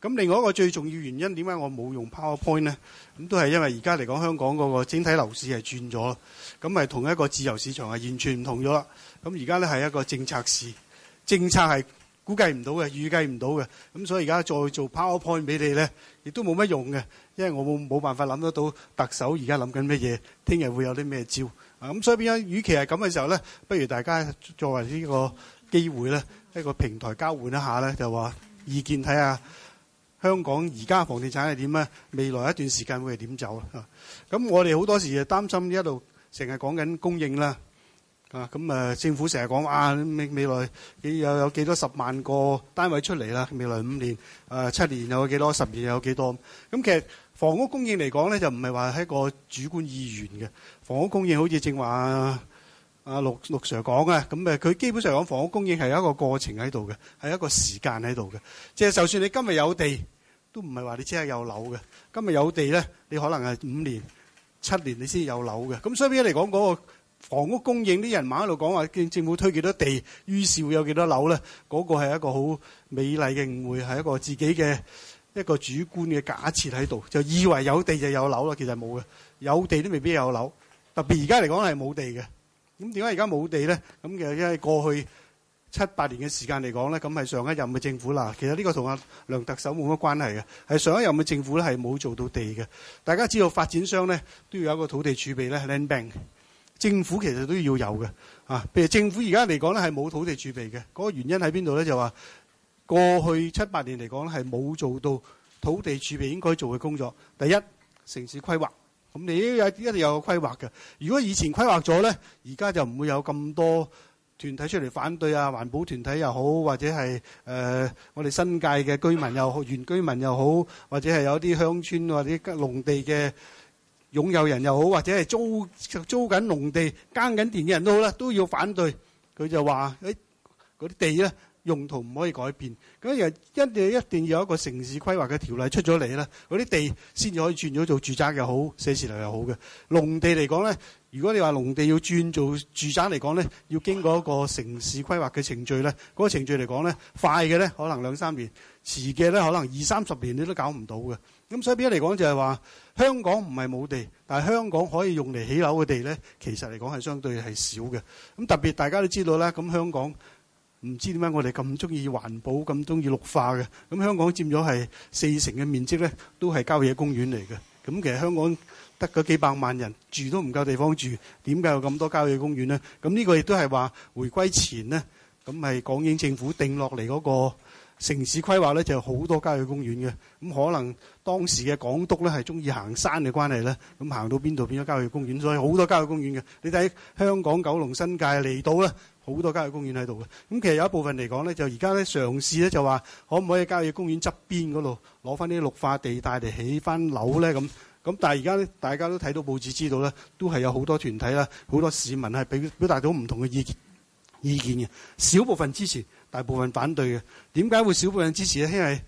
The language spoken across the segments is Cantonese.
咁另外一個最重要原因點解我冇用 PowerPoint 咧？咁都係因為而家嚟講，香港嗰個整體樓市係轉咗，咁咪同一個自由市場係完全唔同咗啦。咁而家咧係一個政策市，政策係估計唔到嘅，預計唔到嘅。咁所以而家再做 PowerPoint 俾你咧，亦都冇乜用嘅，因為我冇冇辦法諗得到特首而家諗緊咩嘢，聽日會有啲咩招啊？咁所以變咗，與其係咁嘅時候咧，不如大家作為呢個機會咧，一個平台交換一下咧，就話意見睇下。香港而家房地產係點咧？未來一段時間會係點走啊？咁我哋好多時就擔心呢度成日講緊供應啦，啊咁誒政府成日講哇未未來幾有有幾多十萬個單位出嚟啦？未來五年誒七年又有幾多？十年又有幾多？咁其實房屋供應嚟講咧，就唔係話係一個主觀意願嘅房屋供應，好似正話。啊，陸陸 Sir 講嘅，咁誒，佢基本上講房屋供應係有一個過程喺度嘅，係一個時間喺度嘅。即係就算你今日有地，都唔係話你即係有樓嘅。今日有地咧，你可能係五年、七年你先有樓嘅。咁所以一嚟講嗰個房屋供應，啲人猛喺度講話，見政府推幾多地，於是會有幾多樓咧。嗰個係一個好美麗嘅誤會，係一個自己嘅一個主觀嘅假設喺度，就以為有地就有樓咯。其實冇嘅，有地都未必有樓，特別而家嚟講係冇地嘅。咁點解而家冇地咧？咁其實因為過去七八年嘅時間嚟講咧，咁係上一任嘅政府啦。其實呢個同阿梁特首冇乜關係嘅，係上一任嘅政府咧係冇做到地嘅。大家知道發展商咧都要有一個土地儲備咧係 （land bank）。政府其實都要有嘅啊。譬如政府而家嚟講咧係冇土地儲備嘅，嗰個原因喺邊度咧？就話過去七八年嚟講咧係冇做到土地儲備應該做嘅工作。第一，城市規劃。你都要一定有規劃嘅。如果以前規劃咗咧，而家就唔會有咁多團體出嚟反對啊，環保團體又好，或者係誒我哋新界嘅居民又好，原居民又好，或者係有啲鄉村或者農地嘅擁有人又好，或者係租租緊農地耕緊田嘅人都好啦，都要反對。佢就話：誒嗰啲地咧。用途唔可以改變，咁又一定一定要有一個城市規劃嘅條例出咗嚟咧，嗰啲地先至可以轉咗做住宅又好，寫字樓又好嘅。農地嚟講咧，如果你話農地要轉做住宅嚟講咧，要經過一個城市規劃嘅程序咧，嗰個程序嚟講咧，快嘅咧可能兩三年，遲嘅咧可能二三十年你都搞唔到嘅。咁所以變咗嚟講就係話，香港唔係冇地，但係香港可以用嚟起樓嘅地咧，其實嚟講係相對係少嘅。咁特別大家都知道啦，咁香港。唔知點解我哋咁中意環保，咁中意綠化嘅，咁香港佔咗係四成嘅面積呢，都係郊野公園嚟嘅。咁其實香港得嗰幾百萬人住都唔夠地方住，點解有咁多郊野公園呢？咁呢個亦都係話回歸前呢，咁係港英政府定落嚟嗰個城市規劃呢，就好多郊野公園嘅。咁可能當時嘅港督呢係中意行山嘅關係呢，咁行到邊度變咗郊野公園，所以好多郊野公園嘅。你睇香港九龍新界嚟到呢。好多郊野公園喺度嘅，咁其實有一部分嚟講咧，就而家咧嘗試咧就話，可唔可以郊野公園側邊嗰度攞翻啲綠化地帶嚟起翻樓咧？咁咁，但係而家咧，大家都睇到報紙知道咧，都係有好多團體啦，好多市民係表表達到唔同嘅意意見嘅，少部分支持，大部分反對嘅。點解會少部分支持咧？因為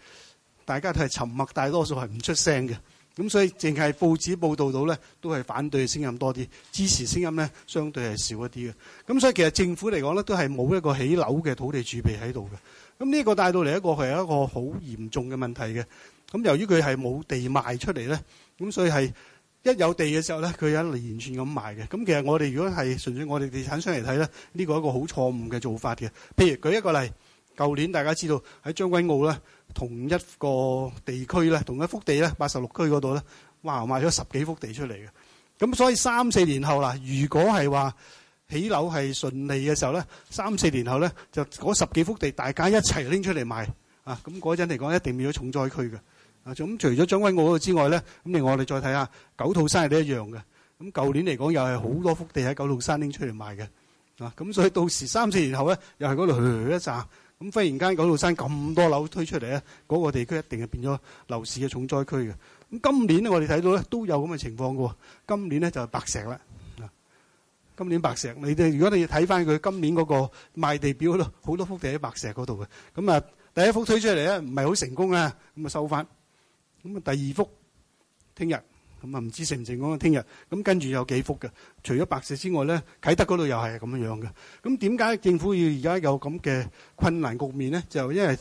大家都係沉默，大多數係唔出聲嘅。咁所以淨係報紙報道到咧，都係反對聲音多啲，支持聲音咧相對係少一啲嘅。咁所以其實政府嚟講咧，都係冇一個起樓嘅土地儲備喺度嘅。咁呢個帶到嚟一個係一個好嚴重嘅問題嘅。咁由於佢係冇地賣出嚟咧，咁所以係一有地嘅時候咧，佢有一連串咁賣嘅。咁其實我哋如果係純粹我哋地產商嚟睇咧，呢個係一個好錯誤嘅做法嘅。譬如舉一個例，舊年大家知道喺將軍澳咧。同一個地區咧，同一幅地咧，八十六區嗰度咧，哇賣咗十幾幅地出嚟嘅。咁所以三四年後啦，如果係話起樓係順利嘅時候咧，三四年後咧就嗰十幾幅地大家一齊拎出嚟賣啊！咁嗰陣嚟講一定變咗重災區嘅。咁除咗將軍澳度之外咧，咁另外我哋再睇下九肚山亦都一樣嘅。咁舊年嚟講又係好多幅地喺九肚山拎出嚟賣嘅。啊，咁所以到時三四年後咧又係嗰度一攢。咁忽然間九肚山咁多樓推出嚟咧，嗰個地區一定係變咗樓市嘅重災區嘅。咁今年咧，我哋睇到咧都有咁嘅情況嘅喎。今年咧就係白石啦，今年白石，你如果你要睇翻佢今年嗰個賣地表嗰度，好多幅地喺白石嗰度嘅。咁啊，第一幅推出嚟咧唔係好成功啊，咁啊收翻。咁啊，第二幅聽日。咁啊，唔知成唔成功啊？聽日咁跟住有幾幅嘅，除咗白石之外咧，啟德嗰度又係咁樣樣嘅。咁點解政府要而家有咁嘅困難局面咧？就因為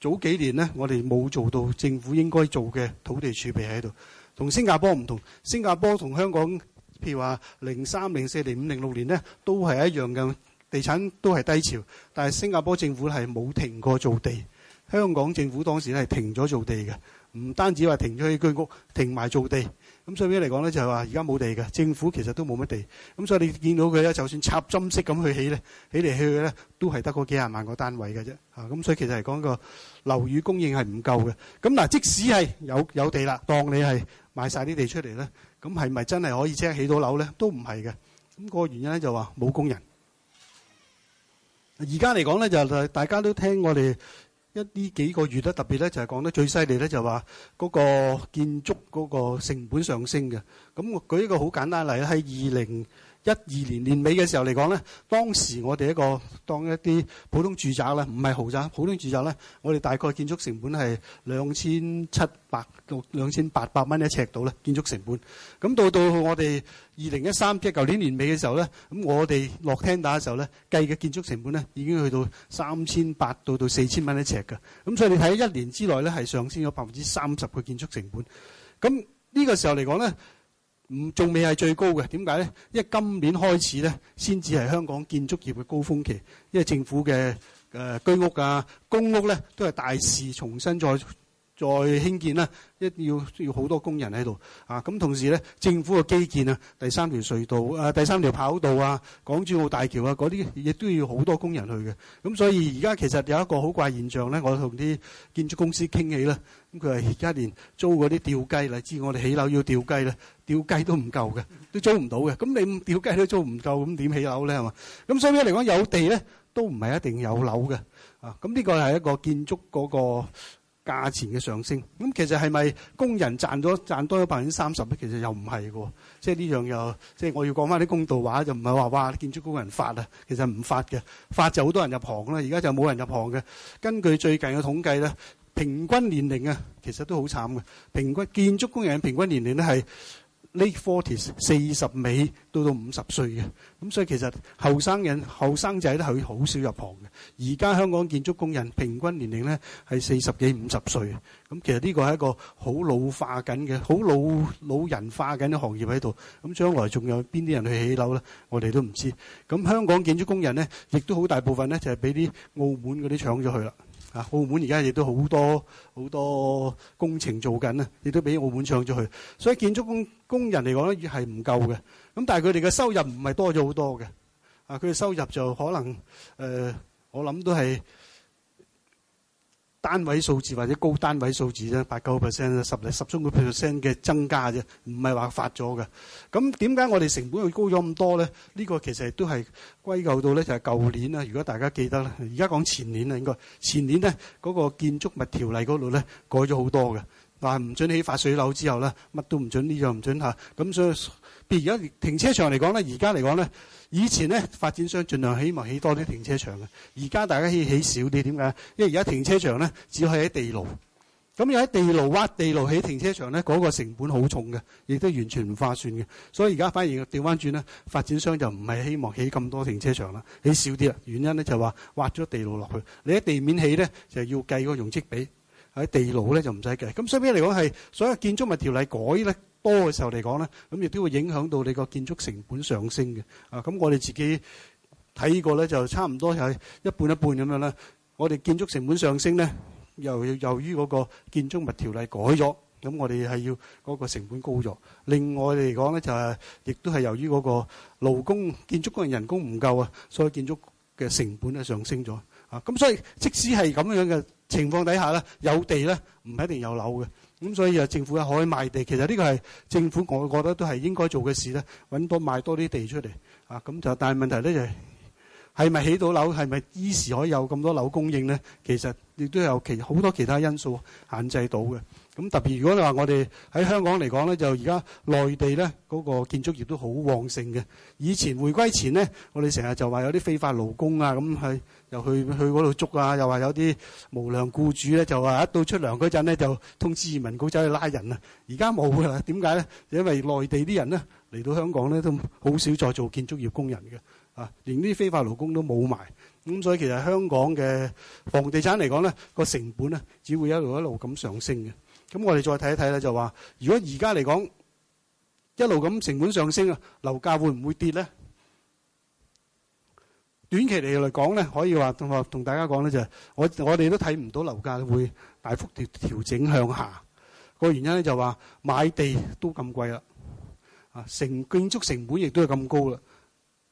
早幾年咧，我哋冇做到政府應該做嘅土地儲備喺度。同新加坡唔同，新加坡同香港，譬如話零三、零四、零五、零六年咧，都係一樣嘅，地產都係低潮，但係新加坡政府係冇停過做地，香港政府當時咧係停咗做地嘅。唔單止話停咗去居屋，停埋造地，咁所以嚟講咧就係話而家冇地嘅，政府其實都冇乜地，咁所以你見到佢咧，就算插針式咁去起咧，起嚟起去咧都係得嗰幾廿萬個單位嘅啫，嚇！咁所以其實嚟講個樓宇供應係唔夠嘅。咁嗱，即使係有有地啦，當你係賣晒啲地出嚟咧，咁係咪真係可以即刻起到樓咧？都唔係嘅。咁個原因咧就話冇工人。而家嚟講咧就係大家都聽我哋。一呢幾個月咧特別咧就係講得最犀利咧，就話嗰個建築嗰個成本上升嘅，咁我舉一個好簡單例啦，喺二零一二年年尾嘅時候嚟講咧，當時我哋一個當一啲普通住宅咧，唔係豪宅，普通住宅咧，我哋大概建築成本係兩千七百到兩千八百蚊一尺到咧，建築成本。咁到到我哋二零一三即係舊年年尾嘅時候咧，咁我哋落聽打嘅時候咧，計嘅建築成本咧已經去到三千八到到四千蚊一尺㗎。咁所以你睇一年之內咧係上升咗百分之三十嘅建築成本。咁、這、呢個時候嚟講咧。唔，仲未係最高嘅。點解咧？因為今年開始咧，先至係香港建築業嘅高峰期，因為政府嘅誒居屋啊、公屋咧，都係大肆重新再。再興建啦，一定要要好多工人喺度啊！咁同時咧，政府嘅基建啊，第三條隧道啊，第三條跑道啊，港珠澳大橋啊，嗰啲亦都要好多工人去嘅。咁所以而家其實有一個好怪現象咧，我同啲建築公司傾起啦，咁佢話而家連租嗰啲吊機嚟，知我哋起樓要吊機咧，吊機都唔夠嘅，都租唔到嘅。咁你吊機都租唔夠，咁點起樓咧？係嘛？咁所以嚟講，有地咧都唔係一定有樓嘅啊！咁呢個係一個建築嗰個。價錢嘅上升，咁其實係咪工人賺咗賺多咗百分之三十咧？其實又唔係喎。即係呢樣又即係我要講翻啲公道話，就唔係話哇建築工人發啊，其實唔發嘅，發就好多人入行啦，而家就冇人入行嘅。根據最近嘅統計咧，平均年齡啊，其實都好慘嘅。平均建築工人嘅平均年齡咧係 late forty，四十尾到到五十歲嘅，咁所以其實後生人後生仔都係好少入行嘅。而家香港建築工人平均年齡咧係四十幾五十歲，咁其實呢個係一個好老化緊嘅、好老老人化緊嘅行業喺度。咁將來仲有邊啲人去起樓咧？我哋都唔知。咁香港建築工人咧，亦都好大部分咧就係俾啲澳門嗰啲搶咗去啦。啊！澳門而家亦都好多好多工程做緊啊，亦都俾澳門搶咗去，所以建築工工人嚟講咧，係唔夠嘅。咁但係佢哋嘅收入唔係多咗好多嘅。啊，佢哋嘅收入就可能誒，我諗都係。單位數字或者高單位數字咧，八九 percent 咧，十幾個 percent 嘅增加啫，唔係話發咗嘅。咁點解我哋成本會高咗咁多咧？呢個其實都係歸咎到咧，就係舊年啦。如果大家記得咧，而家講前年啦，應該前年咧，嗰個建築物條例嗰度咧改咗好多嘅，但係唔準起發水樓之後咧，乜都唔準，呢樣唔準嚇，咁所以。.而家停車場嚟講咧，而家嚟講咧，以前咧發展商儘量希望起多啲停車場嘅，而家大家可以起少啲，點解？因為而家停車場咧只可以喺地牢，咁有喺地牢挖地牢起停車場咧，嗰個成本好重嘅，亦都完全唔划算嘅。所以而家反而調翻轉咧，發展商就唔係希望起咁多停車場啦，起少啲啊。原因咧就話挖咗地牢落去，你喺地面起咧就要計個容積比，喺地牢咧就唔使計。咁相比嚟講係所有建築物條例改咧。多嘅時候嚟講咧，咁亦都會影響到你個建築成本上升嘅。啊，咁我哋自己睇個睇過咧就差唔多係一半一半咁樣啦。我哋建築成本上升咧，由由於嗰個建築物條例改咗，咁我哋係要嗰個成本高咗。另外嚟講咧，就係亦都係由於嗰個勞工建築工人人工唔夠啊，所以建築嘅成本咧上升咗。啊，咁所以即使係咁樣嘅情況底下咧，有地咧唔一定有樓嘅。咁所以啊，政府可以賣地，其實呢個係政府我覺得都係應該做嘅事啦。揾多賣多啲地出嚟啊！咁就，但係問題咧就係、是係咪起到樓？係咪依時可有咁多樓供應呢？其實亦都有其好多其他因素限制到嘅。咁特別如果你話我哋喺香港嚟講呢，就而家內地呢嗰個建築業都好旺盛嘅。以前回歸前呢，我哋成日就話有啲非法勞工啊，咁去又去去嗰度捉啊，又話有啲無良雇主呢，就話一到出糧嗰陣呢，就通知移民局走去拉人啊。而家冇噶啦，點解呢？因為內地啲人呢，嚟到香港呢，都好少再做建築業工人嘅。啊！連啲非法勞工都冇埋，咁所以其實香港嘅房地產嚟講咧，個成本咧只會一路一路咁上升嘅。咁我哋再睇一睇咧，就話如果而家嚟講一路咁成本上升啊，樓價會唔會跌咧？短期嚟嚟講咧，可以話同同大家講咧，就係我我哋都睇唔到樓價會大幅調調整向下個原因咧，就話買地都咁貴啦，啊，成建築成本亦都係咁高啦。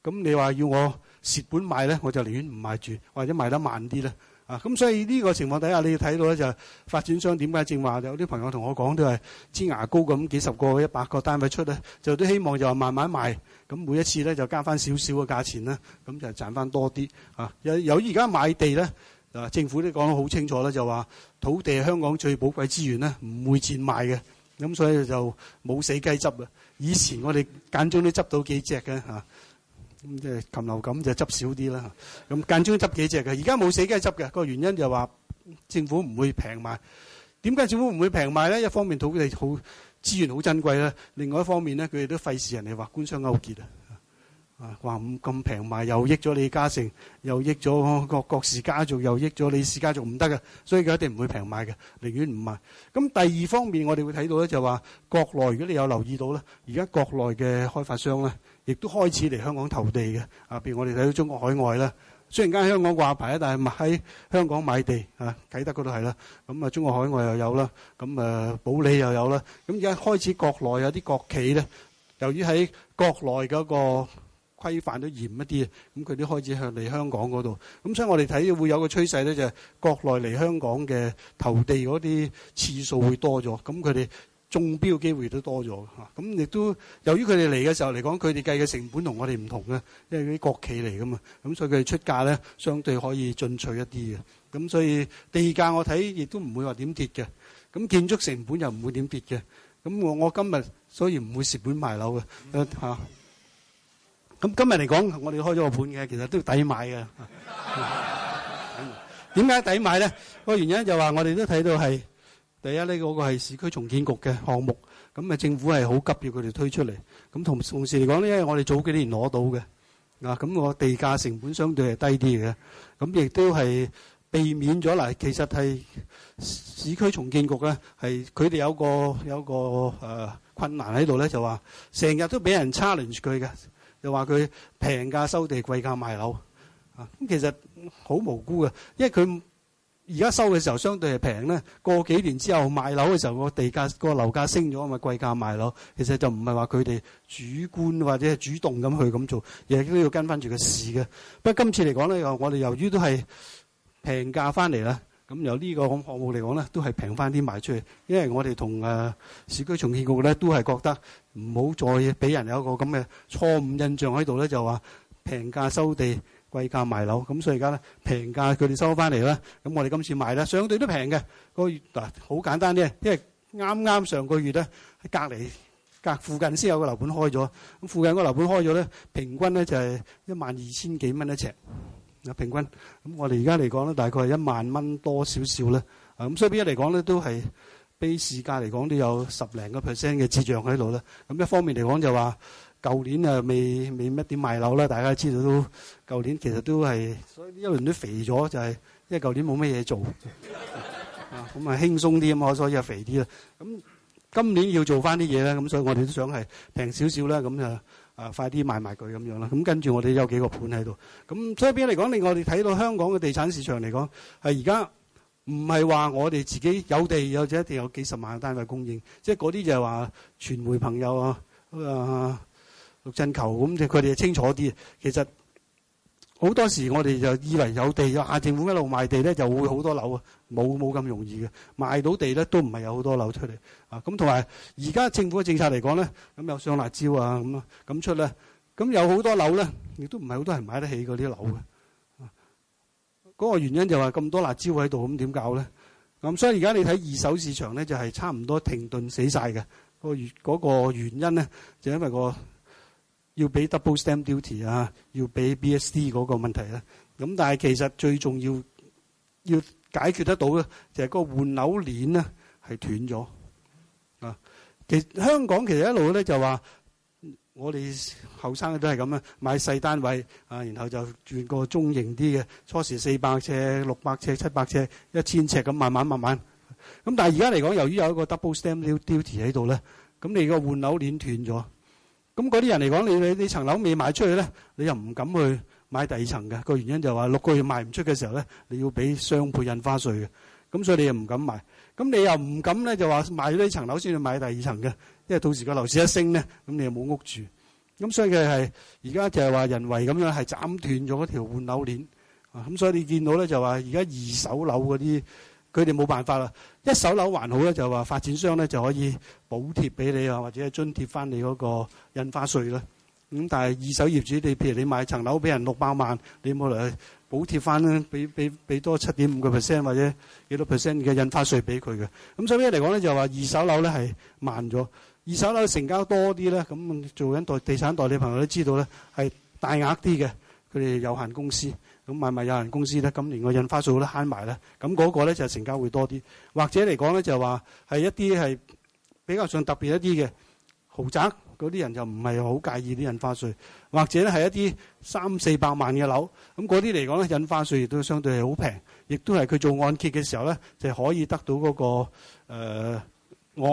咁你話要我蝕本賣咧，我就寧願唔賣住，或者賣得慢啲咧啊！咁所以呢個情況底下，你要睇到咧就發展商點解正話有啲朋友同我講都係支牙膏咁幾十個、一百個單位出咧，就都希望就慢慢賣，咁每一次咧就加翻少少嘅價錢啦，咁就賺翻多啲啊！由於而家買地咧啊，政府都講得好清楚咧，就話土地係香港最寶貴資源咧，唔會賤賣嘅，咁所以就冇死雞執啊！以前我哋間中都執到幾隻嘅嚇。咁即係禽流感就執少啲啦。咁間中執幾隻嘅，而家冇死雞執嘅。個原因就話政府唔會平賣。點解政府唔會平賣咧？一方面土地好資源好珍貴啦，另外一方面咧，佢哋都費事人哋話官商勾結啊。啊話咁平賣又益咗李嘉誠，又益咗個郭氏家族，又益咗李氏家族，唔得嘅，所以佢一定唔會平賣嘅，寧願唔賣。咁第二方面我哋會睇到咧，就話國內如果你有留意到咧，而家國內嘅開發商咧。亦都開始嚟香港投地嘅，啊，譬如我哋睇到中國海外啦，雖然間香港掛牌啦，但係喺香港買地，啊，啟德嗰度係啦，咁啊中國海外又有啦，咁誒保利又有啦，咁而家開始國內有啲國企咧，由於喺國內嗰個規範都嚴一啲，咁佢哋開始向嚟香港嗰度，咁所以我哋睇會有個趨勢咧，就係國內嚟香港嘅投地嗰啲次數會多咗，咁佢哋。中標嘅機會都多咗，嚇！咁亦都由於佢哋嚟嘅時候嚟講，佢哋計嘅成本同我哋唔同嘅，因為嗰啲國企嚟㗎嘛，咁所以佢哋出價咧相對可以進取一啲嘅。咁所以地價我睇亦都唔會話點跌嘅。咁建築成本又唔會點跌嘅。咁我我今日所以唔會蝕本賣樓嘅，嚇！咁今日嚟講，我哋開咗個盤嘅，其實都抵買嘅。點解抵買咧？個原因就話我哋都睇到係。第一，呢個個係市區重建局嘅項目，咁咪政府係好急要佢哋推出嚟。咁同同時嚟講咧，因為我哋早幾年攞到嘅，啊，咁個地價成本相對係低啲嘅。咁亦都係避免咗嗱，其實係市區重建局咧，係佢哋有個有個誒困難喺度咧，就話成日都俾人 challenge 住佢嘅，又話佢平價收地，貴價賣樓。啊，咁其實好無辜嘅，因為佢。而家收嘅時候相對係平咧，過幾年之後賣樓嘅時候個地價個樓價升咗，咪貴價賣樓。其實就唔係話佢哋主觀或者係主動咁去咁做，亦都要跟翻住個市嘅。不過今次嚟講咧，我哋由於都係平價翻嚟啦，咁由呢個項目嚟講咧，都係平翻啲賣出去。因為我哋同誒市區重建局咧都係覺得唔好再俾人有一個咁嘅錯誤印象喺度咧，就話平價收地。貴價賣樓，咁所以而家咧平價佢哋收翻嚟啦。咁我哋今次賣咧，相對都平嘅。嗰月嗱好簡單啲，因為啱啱上個月咧喺隔離隔附近先有個樓盤開咗。咁附近個樓盤開咗咧，平均咧就係一萬二千幾蚊一尺。嗱平均，咁我哋而家嚟講咧，大概係一萬蚊多少少咧。啊咁，所以依家嚟講咧，都係比市價嚟講都有十零個 percent 嘅折讓喺度啦。咁一方面嚟講就話。舊年啊，未未乜點賣樓啦，大家都知道都。舊年其實都係，所以呢一輪都肥咗，就係因為舊年冇乜嘢做啊，咁啊輕鬆啲咁啊，所以啊肥啲啦。咁今年要做翻啲嘢咧，咁所以我哋都想係平少少啦，咁啊啊快啲賣埋佢咁樣啦。咁跟住我哋有幾個盤喺度。咁所以邊啲嚟講？令我哋睇到香港嘅地產市場嚟講，係而家唔係話我哋自己有地，有就一定有幾十萬單位供應，即係嗰啲就係話傳媒朋友啊。六進球咁，佢哋就清楚啲。其實好多時，我哋就以為有地有，啊政府一路賣地咧，就會好多樓啊。冇冇咁容易嘅賣到地咧，都唔係有好多樓出嚟啊。咁同埋而家政府嘅政策嚟講咧，咁有上辣椒啊咁啊咁出咧，咁有好多樓咧，亦都唔係好多人買得起嗰啲樓嘅，嗰個原因就話咁多辣椒喺度，咁點搞咧咁？所以而家你睇二手市場咧，就係差唔多停頓死曬嘅個原嗰個原因咧，就因為個要俾 double stamp duty 啊，要俾 BSD 嗰個問題咧。咁但係其實最重要要解決得到咧，就係嗰個換樓鏈咧係斷咗啊。其實香港其實一路咧就話，我哋後生嘅都係咁啊，買細單位啊，然後就轉個中型啲嘅，初時四百尺、六百尺、七百尺、一千尺咁，慢慢慢慢。咁但係而家嚟講，由於有一個 double stamp duty 喺度咧，咁你個換樓鏈斷咗。咁嗰啲人嚟講，你你呢層樓未賣出去咧，你又唔敢去買第二層嘅個原因就係話六個月賣唔出嘅時候咧，你要俾雙倍印花稅嘅，咁所以你又唔敢買。咁你又唔敢咧，就話賣咗呢層樓先去買第二層嘅，因為到時個樓市一升咧，咁你又冇屋住。咁所以佢係而家就係話，人為咁樣係斬斷咗嗰條換樓鏈。咁所以你見到咧，就話而家二手樓嗰啲。佢哋冇辦法啦，一手樓還好咧，就話發展商咧就可以補貼俾你啊，或者係津貼翻你嗰個印花稅啦。咁但係二手業主，你譬如你買層樓俾人六百萬，你冇嚟補貼翻咧，俾俾俾多七點五個 percent 或者幾多 percent 嘅印花稅俾佢嘅。咁所以嚟講咧，就話二手樓咧係慢咗，二手樓成交多啲咧，咁做緊代地產代理朋友都知道咧，係大額啲嘅佢哋有限公司。咁買賣有限公司咧，今年個印花稅都慳埋咧。咁嗰個咧就成交會多啲，或者嚟講咧就係話係一啲係比較上特別一啲嘅豪宅，嗰啲人就唔係好介意啲印花稅，或者咧係一啲三四百萬嘅樓，咁嗰啲嚟講咧印花稅亦都相對係好平，亦都係佢做按揭嘅時候咧，就可以得到嗰個誒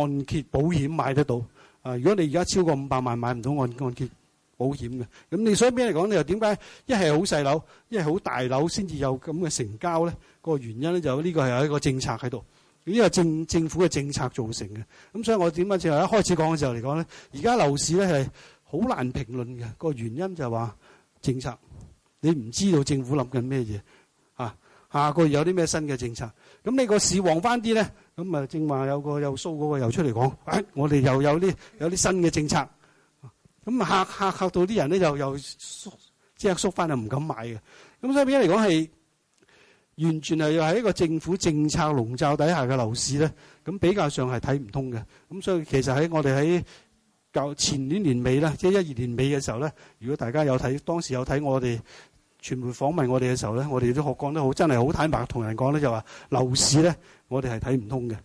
按揭保險買得到。啊，如果你而家超過五百萬買唔到按按揭。保險嘅，咁你所以邊嚟講，你又點解一係好細樓，一係好大樓先至有咁嘅成交咧？個原因咧就呢個係有一個政策喺度，呢個政政府嘅政策造成嘅。咁所以我點解就係一開始講嘅時候嚟講咧，而家樓市咧係好難評論嘅。個原因就係話政策，你唔知道政府諗緊咩嘢啊？下個月有啲咩新嘅政策？咁你個市旺翻啲咧，咁啊正話有個又蘇嗰個又出嚟講啊！我哋又有啲有啲新嘅政策。咁嚇嚇嚇到啲人咧，又又即係縮翻，就唔敢買嘅。咁所以而家嚟講係完全係喺一個政府政策籠罩底下嘅樓市咧。咁比較上係睇唔通嘅。咁所以其實喺我哋喺舊前年年尾啦，即係一二年尾嘅時候咧，如果大家有睇當時有睇我哋傳媒訪問我哋嘅時候咧，我哋都學講得好，真係好坦白同人講咧，就話樓市咧，我哋係睇唔通嘅。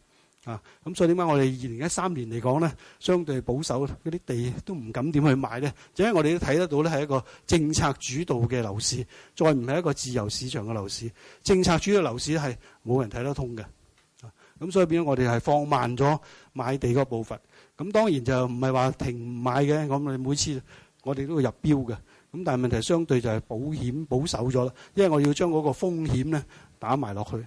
啊，咁所以點解我哋二零一三年嚟講咧，相對保守嗰啲地都唔敢點去買咧，就因為我哋都睇得到咧係一個政策主導嘅樓市，再唔係一個自由市場嘅樓市。政策主導樓市係冇人睇得通嘅，啊，咁所以變咗我哋係放慢咗買地個步伐。咁當然就唔係話停唔買嘅，咁我哋每次我哋都會入標嘅。咁但係問題相對就係保險保守咗啦，因為我要將嗰個風險咧打埋落去，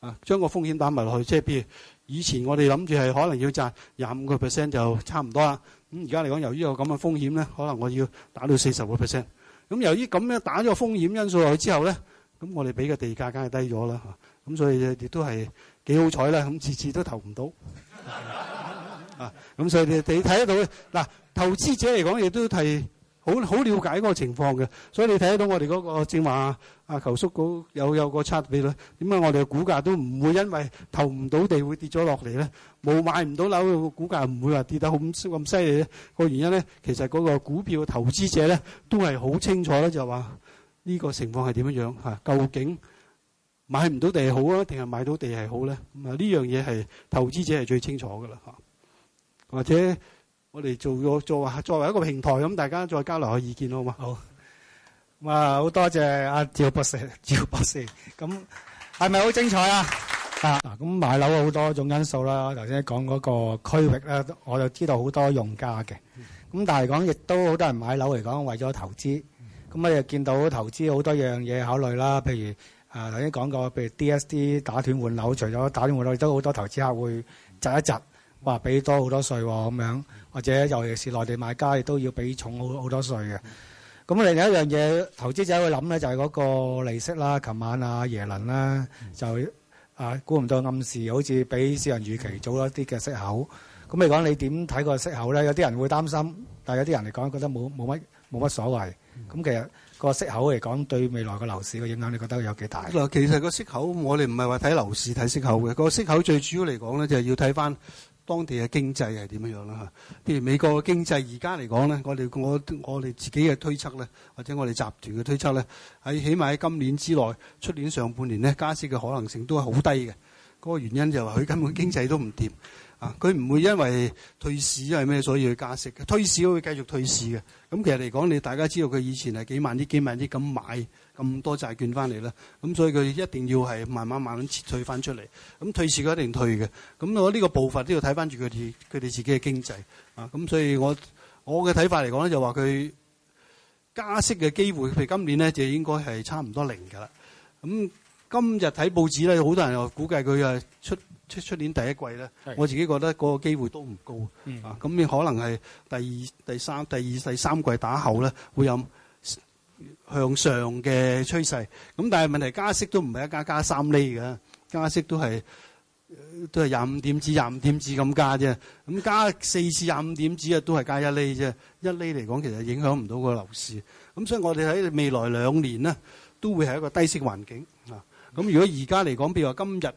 啊，將個風險打埋落去，即係譬如。以前我哋諗住係可能要賺廿五個 percent 就差唔多啦，咁而家嚟講由於有咁嘅風險咧，可能我要打到四十個 percent。咁由於咁樣打咗個風險因素落去之後咧，咁我哋俾嘅地價梗係低咗啦嚇，咁所以亦都係幾好彩啦，咁次次都投唔到。啊，咁所以你睇得到嗱，投資者嚟講亦都係。好好了解嗰個情況嘅，所以你睇得到我哋嗰個正話啊，阿球叔嗰有有個差別啦。點解我哋嘅股價都唔會因為投唔到地會跌咗落嚟咧？冇買唔到樓嘅股價唔會話跌得好咁咁犀利咧？個原因咧，其實嗰個股票投資者咧都係好清楚咧，就話呢個情況係點樣樣嚇？究竟買唔到地係好啊，定係買到地係好咧？咁啊呢樣嘢係投資者係最清楚噶啦嚇，或者。我哋做做做作為一個平台咁，大家再交流下意見好嘛？好，咁好啊，好多謝阿趙博士，趙博士，咁係咪好精彩啊？啊，嗱，咁買樓好多種因素啦。頭先講嗰個區域咧，我就知道好多用家嘅。咁、嗯、但係講亦都好多人買樓嚟講，為咗投資。咁你又見到投資好多樣嘢考慮啦，譬如啊頭先講過，譬如 DSD 打斷換樓，除咗打斷換樓，都好多投資客會窒一窒。話俾多好多稅喎咁樣，或者尤其是內地買家亦都要俾重好好多稅嘅。咁另一樣嘢，投資者會諗咧，就係嗰個利息啦。琴晚啊，耶倫啦就啊，估唔到暗示好似比市場預期早咗一啲嘅息口。咁你講，你點睇個息口咧？有啲人會擔心，但係有啲人嚟講覺得冇冇乜冇乜所謂。咁其實個息口嚟講，對未來個樓市嘅影響，你覺得有幾大？其實個息口我哋唔係話睇樓市睇息口嘅，個息口最主要嚟講咧，就係要睇翻。當地嘅經濟係點樣樣啦？譬如美國嘅經濟，而家嚟講咧，我哋我我哋自己嘅推測咧，或者我哋集團嘅推測咧，喺起碼喺今年之內，出年上半年咧加息嘅可能性都係好低嘅。嗰個原因就係話佢根本經濟都唔掂。啊！佢唔會因為退市係咩，所以去加息嘅。退市佢會繼續退市嘅。咁其實嚟講，你大家知道佢以前係幾萬億、幾萬億咁買咁多債券翻嚟啦。咁所以佢一定要係慢慢慢慢撤退翻出嚟。咁退市佢一定退嘅。咁我呢個步伐都要睇翻住佢哋佢哋自己嘅經濟。啊，咁所以我我嘅睇法嚟講咧，就話佢加息嘅機會，譬如今年咧，就應該係差唔多零㗎啦。咁今日睇報紙咧，好多人又估計佢啊出。出出年第一季咧，我自己覺得嗰個機會都唔高啊！咁你可能係第二、第三、第二、第三季打後咧，會有向上嘅趨勢。咁但係問題加息都唔係一加加三厘嘅，加息都係都係廿五點至廿五點至咁加啫。咁加四次廿五點至啊，都係加一厘啫。一厘嚟講，其實影響唔到個樓市。咁所以我哋喺未來兩年咧，都會係一個低息環境啊。咁如果而家嚟講，譬如話今日。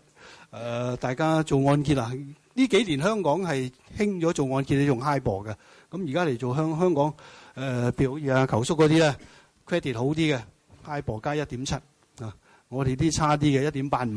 誒，大家做按揭啊！呢幾年香港係興咗做按揭，用 HIBOR 嘅。咁而家嚟做香香港誒，譬如啊、球叔嗰啲咧，credit 好啲嘅，HIBOR 加一點七啊。我哋啲差啲嘅一點八五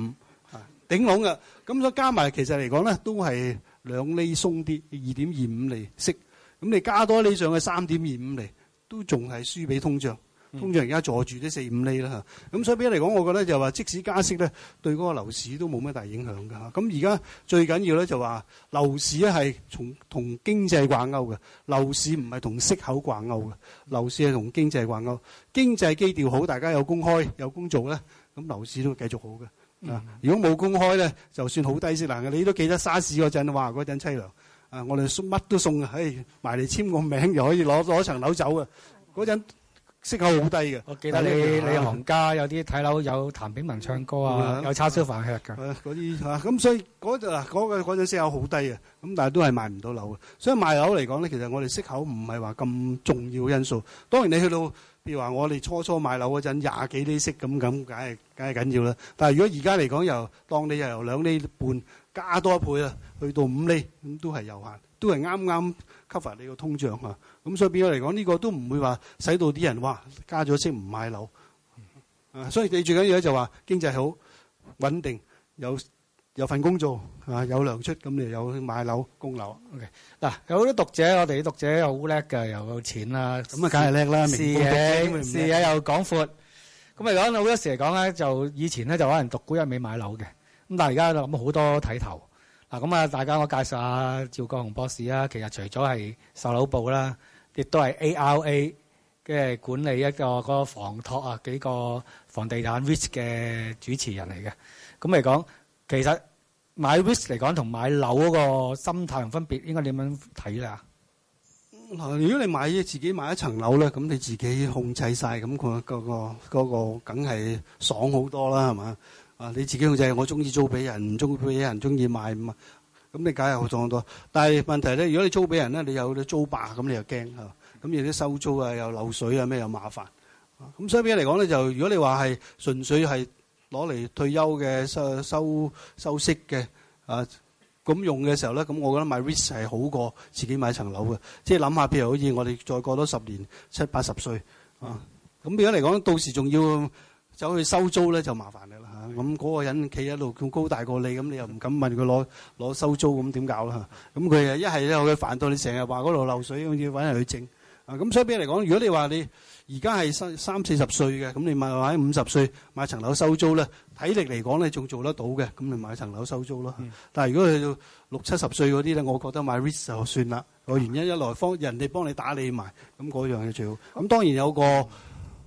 啊，頂籠嘅。咁所加埋，其實嚟講咧，都係兩厘鬆啲，二點二五釐息。咁你加多呢上嘅三點二五釐，都仲係輸俾通脹。通常而家坐住啲四五厘啦嚇，咁所以比嚟講，我覺得就話即使加息咧，對嗰個樓市都冇咩大影響㗎嚇。咁而家最緊要咧，就話樓市咧係從同經濟掛鈎嘅，樓市唔係同息口掛鈎嘅，樓市係同經濟掛鈎。經濟基調好，大家有工開有工做咧，咁樓市都會繼續好嘅。啊，如果冇工開咧，就算好低息難嘅，你都記得沙士嗰陣，哇，嗰陣淒涼啊！我哋送乜都送，唉，埋嚟簽個名又可以攞攞層樓走嘅嗰陣。息口好低嘅，我記得你你行家有啲睇樓，有譚炳文唱歌啊，有叉燒飯吃㗎。嗰啲嚇，咁所以嗰嗱嗰個嗰陣息口好低嘅，咁但係都係賣唔到樓嘅。所以賣樓嚟講咧，其實我哋息口唔係話咁重要嘅因素。當然你去到，譬如話我哋初初賣樓嗰陣廿幾厘息咁咁，梗係梗係緊要啦。但係如果而家嚟講，由當你由兩厘半加多一倍啊，去到五厘，咁都係有限，都係啱啱。吸翻你個通脹啊！咁所以變咗嚟講，呢個都唔會話使到啲人哇加咗息唔買樓啊！所以你最緊要咧就話經濟好穩定，有有份工做啊，有糧出咁你有買樓供樓。嗱，有好多讀者，我哋啲讀者又好叻㗎，又有錢啦，咁啊梗係叻啦，視野視野又廣闊。咁啊講到好多時嚟講咧，就以前咧就可能獨沽一味買樓嘅，咁但係而家就咁好多睇頭。嗱咁啊，大家我介紹下趙國雄博士啊。其實除咗係售樓部啦，亦都係 ARA 即係管理一個嗰個房託、啊幾個房地產 risk 嘅主持人嚟嘅。咁嚟講，其實買 risk 嚟講同買樓嗰個心態分別，應該點樣睇咧？嗱，如果你買自己買一層樓咧，咁你自己控制晒，咁、嗰、佢個、嗰個嗰、嗰個梗係爽好多啦，係嘛？啊！你自己控制，我中意租俾人，唔中意俾人中意買咁啊。咁你梗係好壯好多。但係問題咧，如果你租俾人咧，你有啲租霸咁，你又驚啊。咁有啲收租啊，又漏水啊，咩又麻煩。咁所以畀嚟講咧，就如果你話係純粹係攞嚟退休嘅收收收息嘅啊，咁用嘅時候咧，咁我覺得買 risk 係好過自己買層樓嘅。即係諗下，譬如好似我哋再過多十年七八十歲啊，咁如果嚟講到時仲要走去收租咧，就麻煩你啦。咁嗰個人企喺度，仲高大過你，咁你又唔敢問佢攞攞收租，咁點搞啦？咁佢又一係咧，佢煩到你成日話嗰度漏水，要揾人去整啊。咁所以俾嚟講，如果你話你而家係三三四十歲嘅，咁你買買五十歲買層樓收租咧，體力嚟講咧仲做得到嘅，咁你買層樓收租咯。但係如果去到六七十歲嗰啲咧，我覺得買 risk 就算啦。個原因一來幫人哋幫你打理埋，咁嗰樣嘢最好。咁當然有個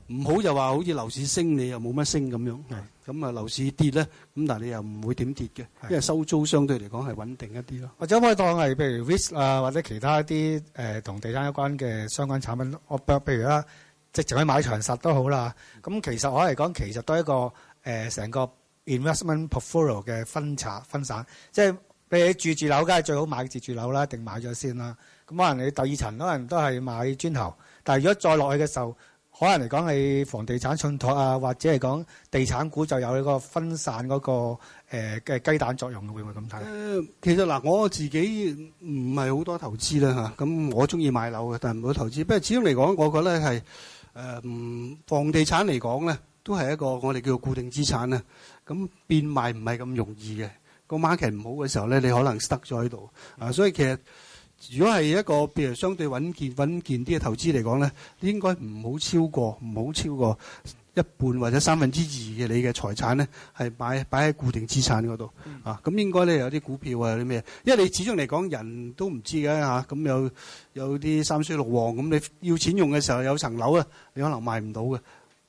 唔好就話好似樓市升，你又冇乜升咁樣。咁啊，樓市跌咧，咁但係你又唔會點跌嘅，因為收租相對嚟講係穩定一啲咯。的或者可唔可以當係譬如 v i s 啊，或者其他一啲同、呃、地產有關嘅相關產品。我譬譬如啦，直情去買長實都好啦。咁、嗯、其實我嚟講，其實都係一個誒成、呃、個 investment portfolio 嘅分拆分散。即係譬如住住樓，梗係最好買住住樓啦，一定買咗先啦。咁可能你第二層可能都係買磚頭，但係如果再落去嘅時候，可能嚟講係房地產信託啊，或者係講地產股就有個分散嗰個誒嘅雞蛋作用嘅，會唔會咁睇？誒，其實嗱，我自己唔係好多投資啦嚇，咁我中意買樓嘅，但唔好投資。不過，始終嚟講，我覺得係誒，房地產嚟講咧，都係一個我哋叫做固定資產啊。咁變賣唔係咁容易嘅，個 market 唔好嘅時候咧，你可能 stuck 咗喺度啊。所以其實～如果係一個譬如相對穩健、穩健啲嘅投資嚟講咧，你應該唔好超過，唔好超過一半或者三分之二嘅你嘅財產咧，係擺擺喺固定資產嗰度、嗯、啊。咁應該咧有啲股票啊，有啲咩？因為你始終嚟講人都唔知嘅咁、啊、有有啲三衰六旺咁，你要錢用嘅時候有層樓啊，你可能賣唔到嘅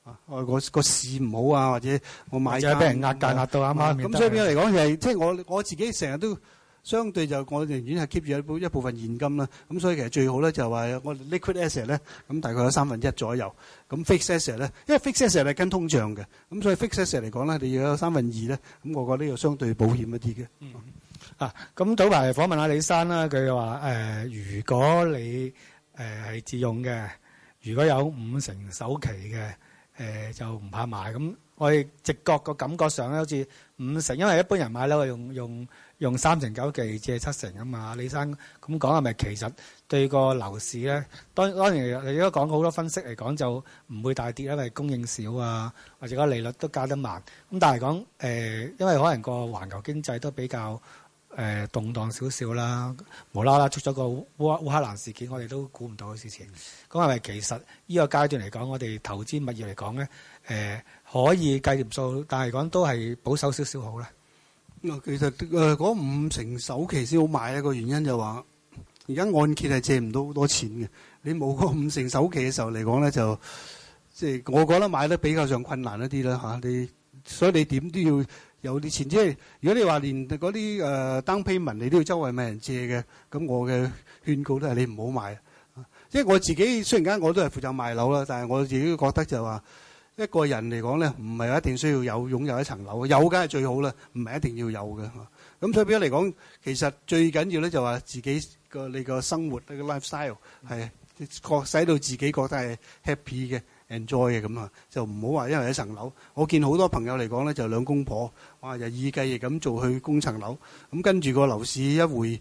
啊。我、那個那個市唔好啊，或者我買就係俾人壓價我壓到啱啱咁。啊、所以嚟講係即係我我自己成日都。相對就，我寧願係 keep 住一部一部分現金啦。咁所以其實最好咧就係話我 liquid asset 咧咁大概有三分一左右。咁 fixed asset 咧，因為 fixed asset 係跟通脹嘅，咁所以 fixed asset 嚟講咧，你要有三分二咧，咁我覺得又相對保險一啲嘅啊。咁早排訪問阿李生啦，佢話誒，如果你誒係自用嘅，如果有五成首期嘅誒，就唔怕買咁。我哋直覺個感覺上咧好似五成，因為一般人買咧，我用用。用三成九幾借七成啊嘛，李生咁講係咪其實對個樓市咧？當當然你如果講好多分析嚟講就唔會大跌，因為供應少啊，或者個利率都加得慢。咁但係講誒，因為可能個環球經濟都比較誒動盪少少啦，無啦啦出咗個烏烏克蘭事件，我哋都估唔到嘅事情。咁係咪其實呢個階段嚟講，我哋投資物業嚟講咧誒，可以計條數，但係講都係保守少少好啦。其實誒嗰、嗰、五成首期先好買，一個原因就話，而家按揭係借唔到好多錢嘅。你冇嗰五成首期嘅時候嚟講咧，就即係我覺得買得比較上困難一啲啦嚇。你所以你點都要有啲錢，即係如果你話連嗰啲誒 down payment 你都要周圍問人借嘅，咁我嘅勸告都係你唔好買。即、啊、係我自己，雖然間我都係負責賣樓啦，但係我自己覺得就話。一個人嚟講咧，唔係一定需要有擁有一層樓，有梗係最好啦，唔係一定要有嘅。咁所以嚟講，其實最緊要咧就話自己個你個生活個 lifestyle 係確使到自己覺得係 happy 嘅、enjoy 嘅咁啊，就唔好話因為一層樓。我見好多朋友嚟講咧，就兩公婆，哇，就意計亦咁做去供層樓，咁跟住個樓市一回一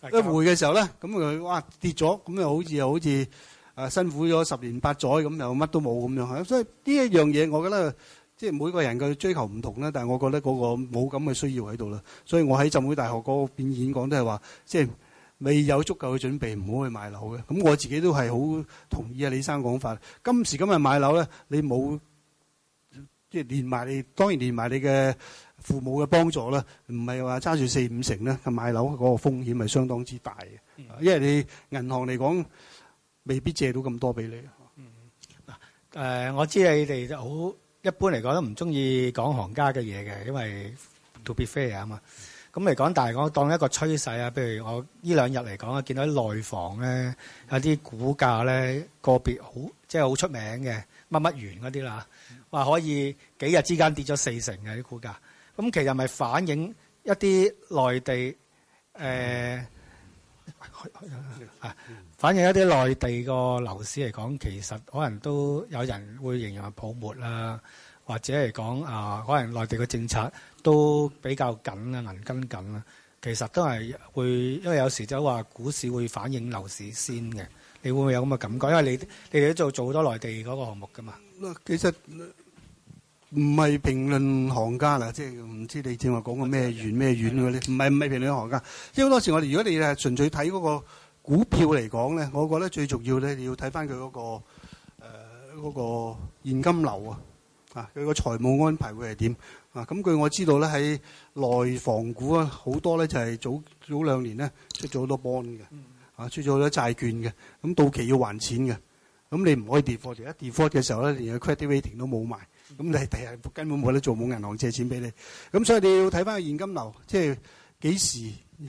回嘅時候咧，咁佢哇跌咗，咁又好似又好似。誒，辛苦咗十年八載，咁又乜都冇咁樣係，所以呢一樣嘢，我覺得即係每個人嘅追求唔同啦。但係我覺得嗰個冇咁嘅需要喺度啦。所以我喺浸會大學嗰邊演講都係話，即係未有足夠嘅準備，唔好去買樓嘅。咁我自己都係好同意啊李生講法。今時今日買樓咧，你冇即係連埋你當然連埋你嘅父母嘅幫助啦，唔係話揸住四五成咧，買樓嗰個風險係相當之大嘅，因為你銀行嚟講。未必借到咁多俾你。嗱、嗯呃，我知你哋就好一般嚟講都唔中意講行家嘅嘢嘅，因為 to be fair 啊嘛、嗯。咁嚟講，但係我當一個趨勢啊。譬如我呢兩日嚟講啊，見到啲內房咧，嗯、有啲股價咧個別好，即係好出名嘅乜乜元嗰啲啦，話、嗯、可以幾日之間跌咗四成嘅啲股價。咁其實咪反映一啲內地、呃嗯啊！反映一啲內地個樓市嚟講，其實可能都有人會形容泡沫啦、啊，或者嚟講啊，可能內地個政策都比較緊啦、啊，銀根緊啦。其實都係會，因為有時就係話股市會反映樓市先嘅。你會唔會有咁嘅感覺？因為你你哋都做做好多內地嗰個項目㗎嘛。其實。唔係評論行家啦，即係唔知你正話講個咩縣咩縣嗰啲，唔係唔係評論行家。因為好多時我哋，如果你係純粹睇嗰個股票嚟講咧，我覺得最重要咧你要睇翻佢嗰個誒嗰、呃嗰個、現金流啊，啊佢個財務安排會係點啊？咁據我知道咧，喺內房股啊，好多咧就係早早兩年咧出咗好多 bond 嘅，啊出咗好多債券嘅，咁到期要還錢嘅。咁你唔可以 default 嘅，一 default 嘅時候咧，連個 credit rating 都冇埋，咁你第日根本冇得做，冇銀行借錢俾你。咁所以你要睇翻個現金流，即係幾時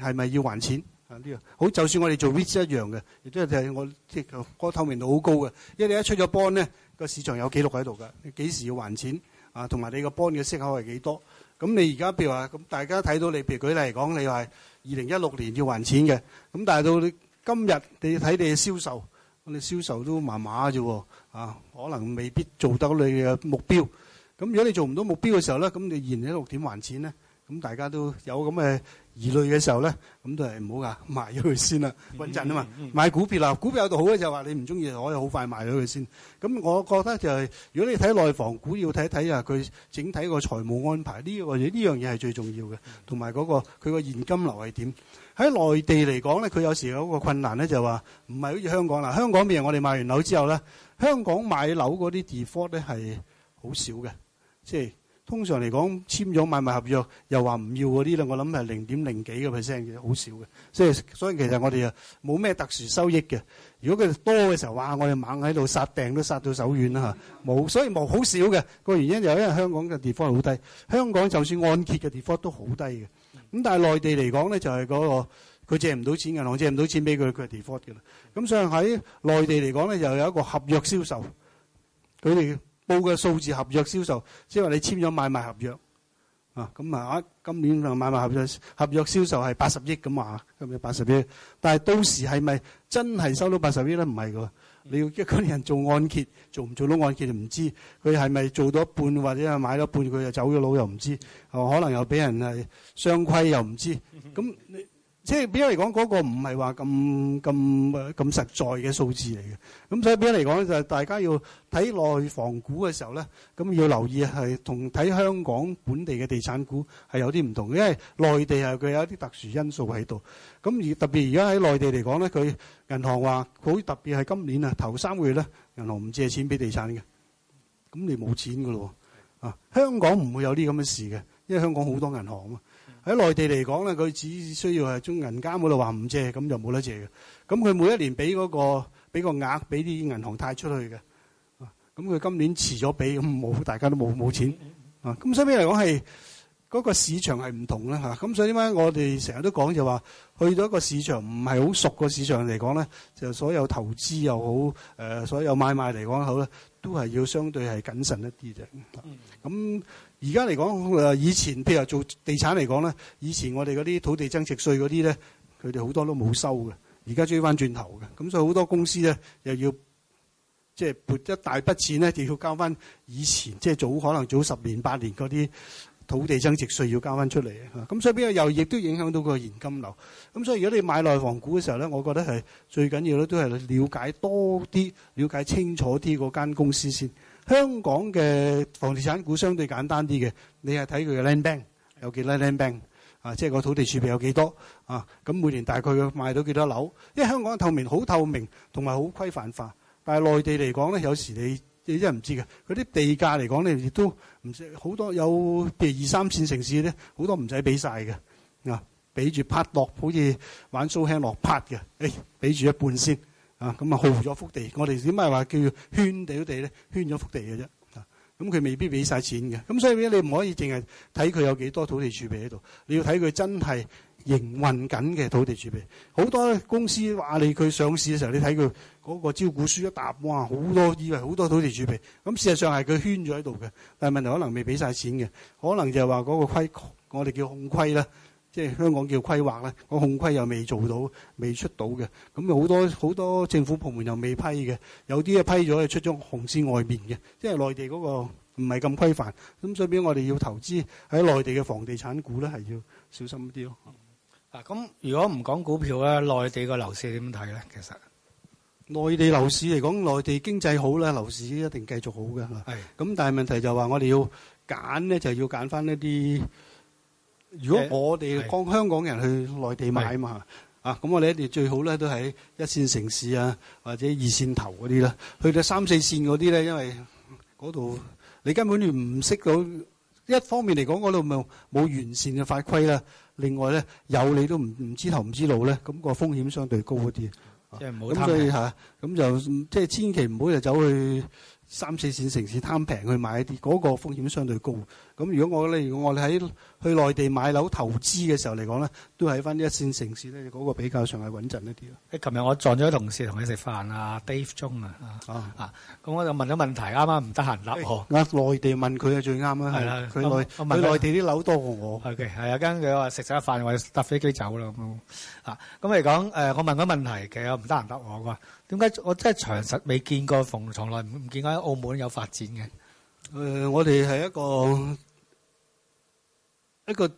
係咪要還錢啊？呢個好，就算我哋做 reach 一樣嘅，亦都係我即係個透明度好高嘅。因為你一出咗 bond 咧，個市場有記錄喺度㗎，你幾時要還錢啊？同埋你個 bond 嘅息口係幾多？咁你而家譬如話咁，大家睇到你譬如舉例嚟講，你話二零一六年要還錢嘅，咁但係到你今日你睇你嘅銷售。你銷售都麻麻啫喎，啊，可能未必做得你嘅目標。咁如果你做唔到目標嘅時候咧，咁你現金流點還錢咧？咁大家都有咁嘅疑慮嘅時候咧，咁都係唔好㗎，賣咗佢先啦，穩陣啊嘛。買股票啦，股票有度好嘅，就話你唔中意可以好快賣咗佢先。咁我覺得就係如果你睇內房股，要睇一睇啊，佢整體個財務安排呢或者呢樣嘢係最重要嘅，同埋嗰個佢個現金流係點，喺內地嚟講咧，佢有時有個困難咧，就話唔係好似香港啦。香港譬如我哋買完樓之後咧，香港買樓嗰啲 default 咧係好少嘅，即係通常嚟講簽咗買賣合約又話唔要嗰啲咧，我諗係零點零幾個 percent 嘅，好少嘅。即係所以其實我哋又冇咩特殊收益嘅。如果佢多嘅時候，哇！我哋猛喺度殺訂都殺到手軟啦嚇。冇，所以冇好少嘅個原因就係因為香港嘅 default 係好低，香港就算按揭嘅 default 都好低嘅。咁但係內地嚟講咧，就係嗰個佢借唔到錢，銀行借唔到錢俾佢，佢係 default 嘅啦。咁所以喺內地嚟講咧，就有一個合約銷售，佢哋報嘅數字合約銷售，即係話你簽咗買賣合約啊，咁啊今年買賣合約合約銷售係八十億咁話，咁八十億。但係到時係咪真係收到八十億咧？唔係㗎。你要一個人做按揭，做唔做到按揭就唔知。佢係咪做到一半，或者係買咗一半，佢又走咗佬又唔知，可能又俾人係雙規，又唔知。咁你？即係，比較嚟講，嗰個唔係話咁咁咁實在嘅數字嚟嘅。咁所以比較嚟講咧，就係大家要睇內房股嘅時候咧，咁要留意係同睇香港本地嘅地產股係有啲唔同，因為內地係佢有一啲特殊因素喺度。咁而特別而家喺內地嚟講咧，佢銀行話佢好特別係今年啊頭三個月咧，銀行唔借錢俾地產嘅，咁你冇錢噶咯喎啊！香港唔會有啲咁嘅事嘅，因為香港好多銀行啊嘛。喺內地嚟講咧，佢只需要係中銀監嗰度話唔借，咁就冇得借嘅。咁佢每一年俾嗰個俾個額，俾啲銀行貸出去嘅。咁佢今年遲咗俾，咁冇大家都冇冇錢。啊，咁所以嚟講係嗰個市場係唔同啦嚇。咁所以點解我哋成日都講就話去到一個市場唔係好熟個市場嚟講咧，就所有投資又好，誒所有買賣嚟講好咧，都係要相對係謹慎一啲啫。咁。而家嚟講誒，以前譬如做地產嚟講咧，以前我哋嗰啲土地增值稅嗰啲咧，佢哋好多都冇收嘅。而家追翻轉頭嘅，咁所以好多公司咧又要即係撥一大筆錢咧，就要交翻以前即係、就是、早可能早十年八年嗰啲土地增值稅要交翻出嚟啊。咁所以邊個又亦都影響到個現金流。咁所以如果你買內房股嘅時候咧，我覺得係最緊要咧，都係了解多啲、了解清楚啲嗰間公司先。香港嘅房地產股相對簡單啲嘅，你係睇佢嘅 land bank 有幾多 land bank 啊，即係個土地儲備有幾多啊？咁每年大概佢賣到幾多樓？因為香港透明好透明，同埋好規範化。但係內地嚟講咧，有時你你真係唔知嘅。嗰啲地價嚟講咧，亦都唔知好多。有譬如二三線城市咧，好多唔使俾曬嘅啊，俾住 part 落好似玩 show hand 落 part 嘅，誒俾住一半先。啊，咁啊，耗咗幅地，我哋點解話叫圈地嘅地咧？圈咗幅地嘅啫。啊，咁佢未必俾曬錢嘅，咁所以咧，你唔可以淨係睇佢有幾多土地儲備喺度，你要睇佢真係營運緊嘅土地儲備。好多公司話你佢上市嘅時候，你睇佢嗰個招股書一答，哇，好多以為好多土地儲備，咁事實上係佢圈咗喺度嘅，但係問題可能未俾曬錢嘅，可能就係話嗰個規，我哋叫控規啦。即係香港叫規劃咧，個控規又未做到，未出到嘅，咁好多好多政府部門又未批嘅，有啲啊批咗又出咗紅線外面嘅，即係內地嗰個唔係咁規範，咁所以畀我哋要投資喺內地嘅房地產股咧，係要小心啲咯。嗱，咁如果唔講股票咧，內地個樓市點睇咧？其實內地樓市嚟講，內地經濟好咧，樓市一定繼續好嘅。係。咁但係問題就係話我哋要揀咧，就要揀翻一啲。如果我哋港香港人去內地買嘛，啊咁我哋咧最好咧都喺一線城市啊，或者二線頭嗰啲啦，去到三四線嗰啲咧，因為嗰度你根本就唔識到。一方面嚟講，嗰度咪冇完善嘅法規啦，另外咧，有你都唔唔知頭唔知路咧，咁個風險相對高一啲。即係冇貪。咁所以吓，咁就即係千祈唔好就走去。三四線城市貪平去買一啲，嗰個風險相對高。咁如果我咧如果我哋喺去內地買樓投資嘅時候嚟講咧，都喺翻一線城市咧，嗰個比較上係穩陣一啲咯。誒，琴日我撞咗啲同事同佢食飯啊，Dave 鐘啊，啊，咁我就問咗問題，啱啱唔得閒答我。啊，內地問佢係最啱啦，係啦，佢內佢內地啲樓多過我。O K，係有間佢話食曬飯，話搭飛機走啦咁。啊，咁嚟講，誒，我問緊問題，其實唔得閒答我嘅。點解我真係長實未見過？從來唔唔見過喺澳門有發展嘅。誒、呃，我哋係一個一個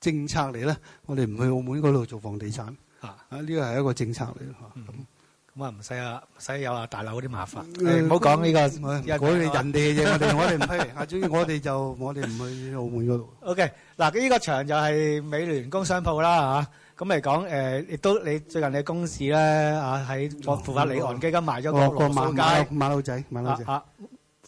政策嚟咧。我哋唔去澳門嗰度做房地產。嚇、啊！呢個係一個政策嚟嚇。咁咁啊唔使啊，唔使樣、嗯、有啊大樓嗰啲麻煩。唔好講呢個，人哋人哋嘅嘢，我哋 我哋唔批評啊，主要我哋就我哋唔去澳門嗰度。OK，嗱呢、呢個場就係美聯工商鋪啦嚇。啊咁嚟講誒，亦、呃、都你最近你公司咧啊，喺我富法里昂基金賣咗個馬騮仔，馬騮仔。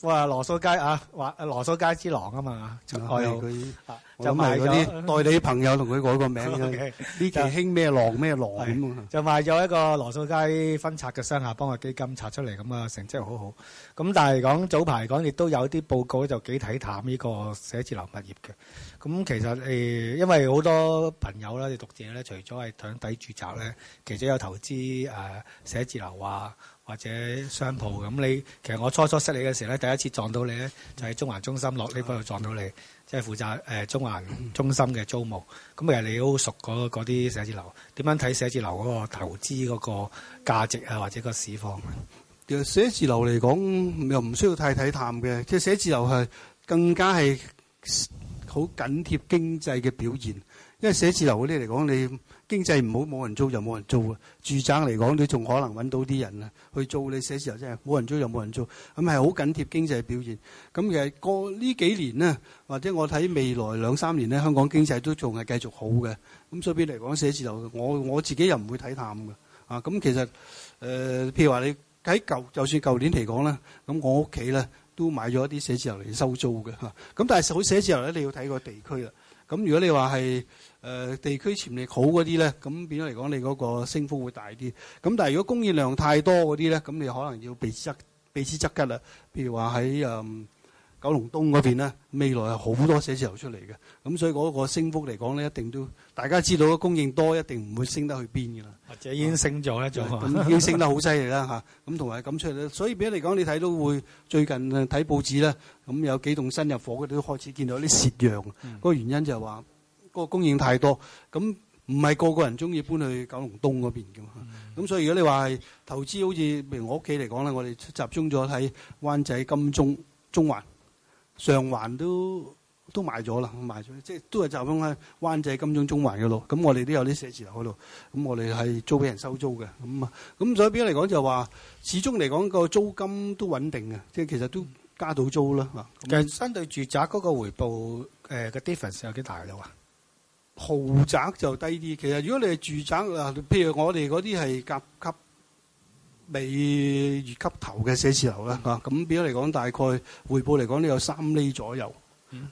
我話羅素街啊，話羅素街之狼啊嘛，啊就係佢就賣啲代理朋友同佢改個名呢件興咩狼咩狼咁，啊、就賣咗一個羅素街分拆嘅商亞邦嘅基金拆出嚟咁啊，成績好好。咁、嗯、但係講早排講亦都有啲報告就幾睇淡呢個寫字樓物業嘅。咁其實誒、欸，因為好多朋友咧、你讀者咧，除咗係想底住宅咧，其實有投資誒、啊、寫字樓啊。或者商鋪咁，你其實我初初識你嘅時候咧，第一次撞到你咧，就喺、是、中環中心落呢方度撞到你，即係負責誒、呃、中環中心嘅租務。咁其實你都熟嗰啲寫字樓，點樣睇寫字樓嗰個投資嗰個價值啊，或者個市況？寫字樓嚟講又唔需要太睇淡嘅，即係寫字樓係更加係好緊貼經濟嘅表現，因為寫字樓嗰啲嚟講你。經濟唔好，冇人租就冇人租啊！住宅嚟講，你仲可能揾到啲人啊，去租你寫字樓真係冇人租就冇人租，咁係好緊貼經濟表現。咁其實過呢幾年咧，或者我睇未來兩三年咧，香港經濟都仲係繼續好嘅。咁所以嚟講，寫字樓我我自己又唔會睇淡㗎。啊，咁其實誒，譬如話你喺舊就算舊年嚟講咧，咁我屋企咧都買咗一啲寫字樓嚟收租嘅。咁但係好寫字樓咧，你要睇個地區啦。咁如果你話係誒，地區潛力好嗰啲咧，咁變咗嚟講，你嗰個升幅會大啲。咁但係如果供應量太多嗰啲咧，咁你可能要避之避之則吉啦。譬如話喺誒，嗯九龍東嗰邊咧，未來有好多寫字樓出嚟嘅，咁所以嗰個升幅嚟講咧，一定都大家知道，個供應多一定唔會升得去邊噶啦。或者已經升咗咧，就已經升得好犀利啦嚇！咁同埋咁出嚟，所以俾你嚟講，你睇到會最近睇報紙咧，咁有幾棟新入夥，都開始見到啲蝕讓。嗰個原因就係話嗰個供應太多，咁唔係個個人中意搬去九龍東嗰邊噶嘛。咁所以如果你話係投資，好似譬如我屋企嚟講咧，我哋集中咗喺灣仔金鐘中環。上環都都賣咗啦，賣咗，即係都係集中喺灣仔、金鐘、中環嗰度。咁我哋都有啲寫字樓喺度，咁我哋係租俾人收租嘅。咁啊，咁所以邊嚟講就話、是，始終嚟講個租金都穩定嘅，即係其實都加到租啦。嚇、嗯，其實那相對住宅嗰個回報，誒個 difference 有幾大咧？話豪宅就低啲。其實如果你係住宅，譬如我哋嗰啲係甲級。未越級頭嘅寫字樓啦，嚇咁，比較嚟講，大概回報嚟講都有三厘左右，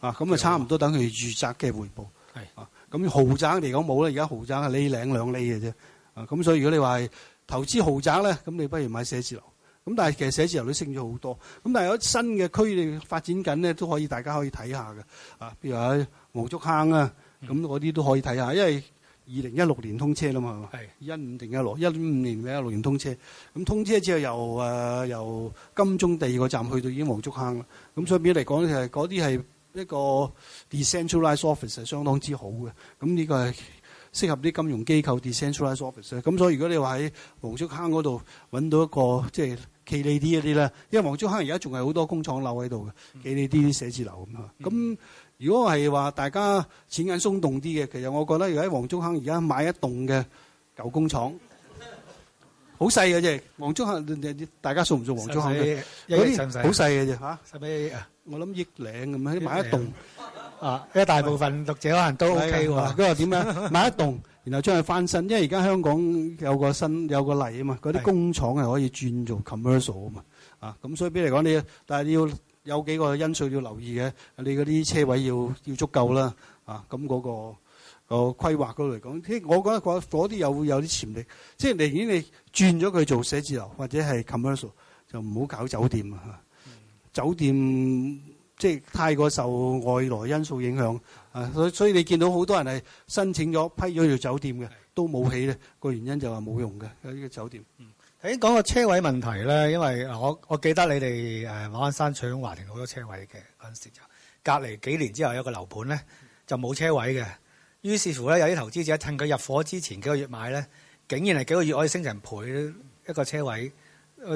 啊，咁啊差唔多等佢預測嘅回報，係啊，咁豪宅嚟講冇啦，而家豪宅係一厘兩厘嘅啫，啊，咁所以如果你話係投資豪宅咧，咁你不如買寫字樓，咁但係其實寫字樓都升咗好多，咁但係有新嘅區域發展緊咧，都可以大家可以睇下嘅，啊，譬如話黃竹坑啊，咁嗰啲都可以睇下，因為，二零一六年通車啦嘛，係一五定一六，一五年定一六年通車。咁是通，通車之後，由誒、呃、由金鐘第二個站去到已經黃竹坑啦。咁所以相對嚟講咧，係嗰啲係一個 decentralized office 係相當之好嘅。咁呢個係適合啲金融機構 decentralized office。咁所以如果你話喺黃竹坑嗰度揾到一個即係、就是、企利啲一啲咧，因為黃竹坑而家仲係好多工廠樓喺度嘅，企利啲啲寫字樓咁啊。咁如果係話大家錢眼鬆動啲嘅，其實我覺得如果喺黃竹坑而家買一棟嘅舊工廠，好細嘅啫。黃竹坑大家熟唔熟黃竹坑嘅？好細嘅啫嚇。我諗億零咁樣買一棟啊，因為大部分讀者可能都 OK 喎。佢話點樣買一棟，然後將佢翻新，因為而家香港有個新有個例啊嘛，嗰啲工廠係可以轉做 commercial 啊嘛。啊，咁所以俾你講你，但係你要。有幾個因素要留意嘅，你嗰啲車位要要足夠啦，啊，咁嗰個個規劃嗰度嚟講，我覺得嗰嗰啲又會有啲潛力，即係寧願你轉咗佢做寫字樓或者係 commercial，就唔好搞酒店啊！酒店即係太過受外來因素影響，啊，所所以你見到好多人係申請咗批咗條酒店嘅都冇起咧，個原因就係冇用嘅，呢個酒店。誒，講個車位問題咧，因為我我記得你哋誒馬鞍山翠雍華庭好多車位嘅嗰陣時，就隔離幾年之後有個樓盤咧，就冇車位嘅。於是乎咧有啲投資者趁佢入伙之前幾個月買咧竟然係幾個月可以升成倍一個車位，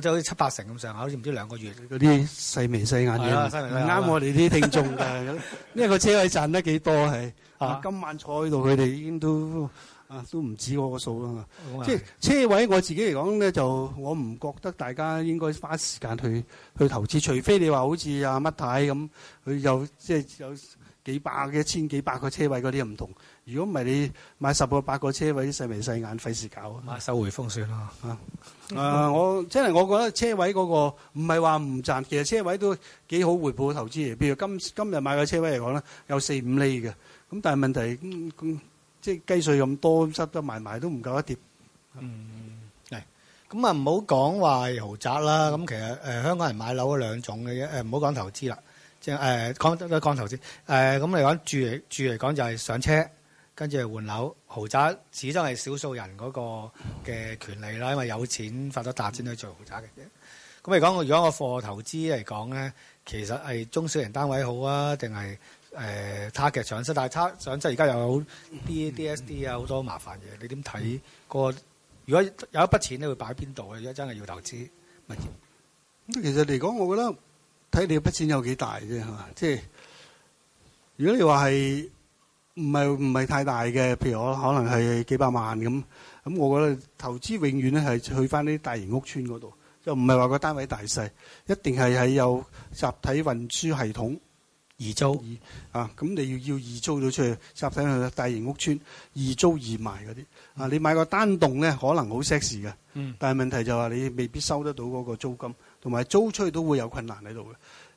就好似七八成咁上下，好似唔知兩個月，嗰啲細眉細眼嘅啱我哋啲聽眾嘅，呢個車位賺得幾多係？啊，今晚坐喺度佢哋已經都～啊，都唔止我個數啦嘛！嗯、即係車位，我自己嚟講咧，就我唔覺得大家應該花時間去去投資，除非你話好似啊乜太咁，佢、嗯、有即係有幾百嘅、一千幾百個車位嗰啲唔同。如果唔係你買十個、八個車位，細眉細眼，費事搞。買收回風算啦。啊，嗯、啊！我真係我覺得車位嗰、嗰個唔係話唔賺，其實車位都幾好回報投資。譬如今今日買個車位嚟講咧，有四五厘嘅。咁但係問題咁。嗯嗯即係雞碎咁多，塞得埋埋都唔夠一碟。嗯，係。咁啊，唔好講話豪宅啦。咁其實誒香港人買樓有兩種嘅嘢。誒唔好講投資啦，即係誒講得講投資。誒咁嚟講，住住嚟講就係上車，跟住換樓。豪宅始終係少數人嗰個嘅權利啦，因為有錢發咗達先去做豪宅嘅啫。咁嚟講，如果個貨投資嚟講咧，其實係中小型單位好啊，定係？誒差嘅上升，但係差上升而家又有啲 DSD 啊，好多麻煩嘢。你點睇個？如果有一筆錢咧，會擺邊度咧？而家真係要投資。咁其實嚟講，我覺得睇你筆錢有幾大啫嚇。即係如果你話係唔係唔係太大嘅，譬如我可能係幾百萬咁。咁我覺得投資永遠咧係去翻啲大型屋邨嗰度，就唔係話個單位大細，一定係喺有集體運輸系統，易租，啊、嗯，咁你要要易租咗出去，集體去大型屋村，易租易賣嗰啲，啊，你買個單棟咧，可能好 sexy 嘅，嗯，但係問題就係你未必收得到嗰個租金，同埋租出去都會有困難喺度嘅。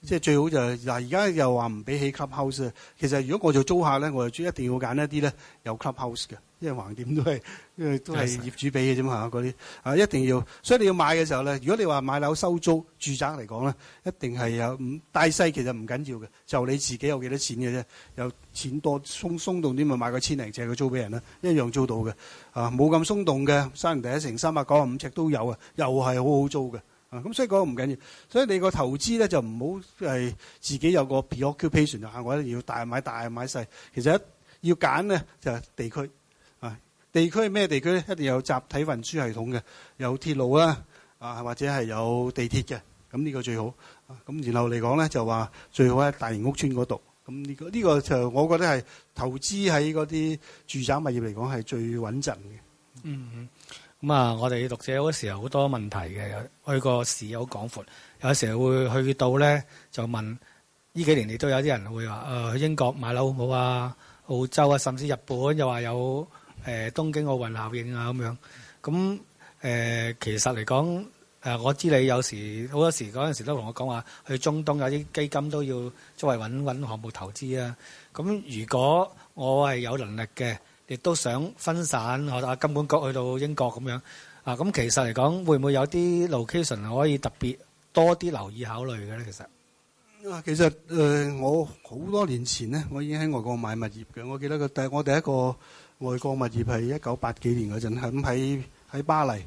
即係最好就係嗱，而家又話唔俾起 clubhouse。其實如果我做租客咧，我就一定要揀一啲咧有 clubhouse 嘅，因為橫掂都係都係業主俾嘅啫嘛，嗰啲啊一定要。所以你要買嘅時候咧，如果你話買樓收租，住宅嚟講咧，一定係有五大西其實唔緊要嘅，就你自己有幾多錢嘅啫。有錢多鬆鬆動啲，咪買個千零尺嘅租俾人啦，一樣租到嘅。啊，冇咁鬆動嘅，三成、三啊、九啊、五尺都有啊，又係好好租嘅。啊，咁所以嗰個唔緊要，所以你個投資咧就唔好係自己有個 preoccupation 啊，我咧要大買大買細，其實要揀咧就係、地區啊，地區係咩地區咧？一定有集體運輸系統嘅，有鐵路啦啊，或者係有地鐵嘅，咁呢個最好。咁、啊、然後嚟講咧就話最好喺大型屋村嗰度，咁呢、呢個呢、呢個就我覺得係投資喺嗰啲住宅物業嚟講係最穩陣嘅。嗯，嗯。咁啊、嗯！我哋讀者嗰時候好多問題嘅，去個市有好廣闊，有時會去到咧就問：呢幾年你都有啲人會話、呃、去英國買樓好唔好啊？澳洲啊，甚至日本又話有誒、呃、東京奧運效應啊咁樣。咁、嗯呃、其實嚟講、呃、我知你有時好多時嗰陣時都同我講話去中東有啲基金都要作為揾揾項目投資啊。咁如果我係有能力嘅。亦都想分散，我阿金管局去到英國咁樣啊！咁其實嚟講，會唔會有啲 location 可以特別多啲留意考慮嘅咧？其實啊，其實誒，我好多年前咧，我已經喺外國買物業嘅。我記得個第我第一個外國物業係一九八幾年嗰陣，喺喺巴黎，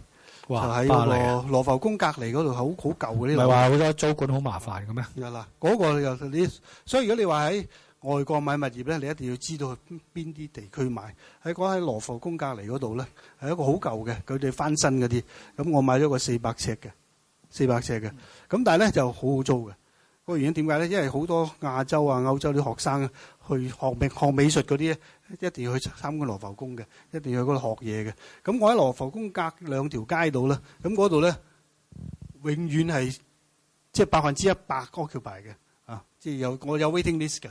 就喺個羅浮宮隔離嗰度，好好舊嘅呢度。唔係話好多租管好麻煩嘅咩？有啦，嗰個又你，所以如果你話喺外國買物業咧，你一定要知道邊啲地區買。喺講喺羅浮宮隔離嗰度咧，係一個好舊嘅，佢哋翻新嗰啲。咁我買咗個四百尺嘅，四百尺嘅。咁但係咧就好好租嘅。個原因點解咧？因為好多亞洲啊、歐洲啲學生去學美學美術嗰啲，一定要去參觀羅浮宮嘅，一定要去嗰度學嘢嘅。咁我喺羅浮宮隔兩條街度咧，咁嗰度咧永遠係即係百分之一百 occupied 嘅啊！即係有我有 waiting list 嘅。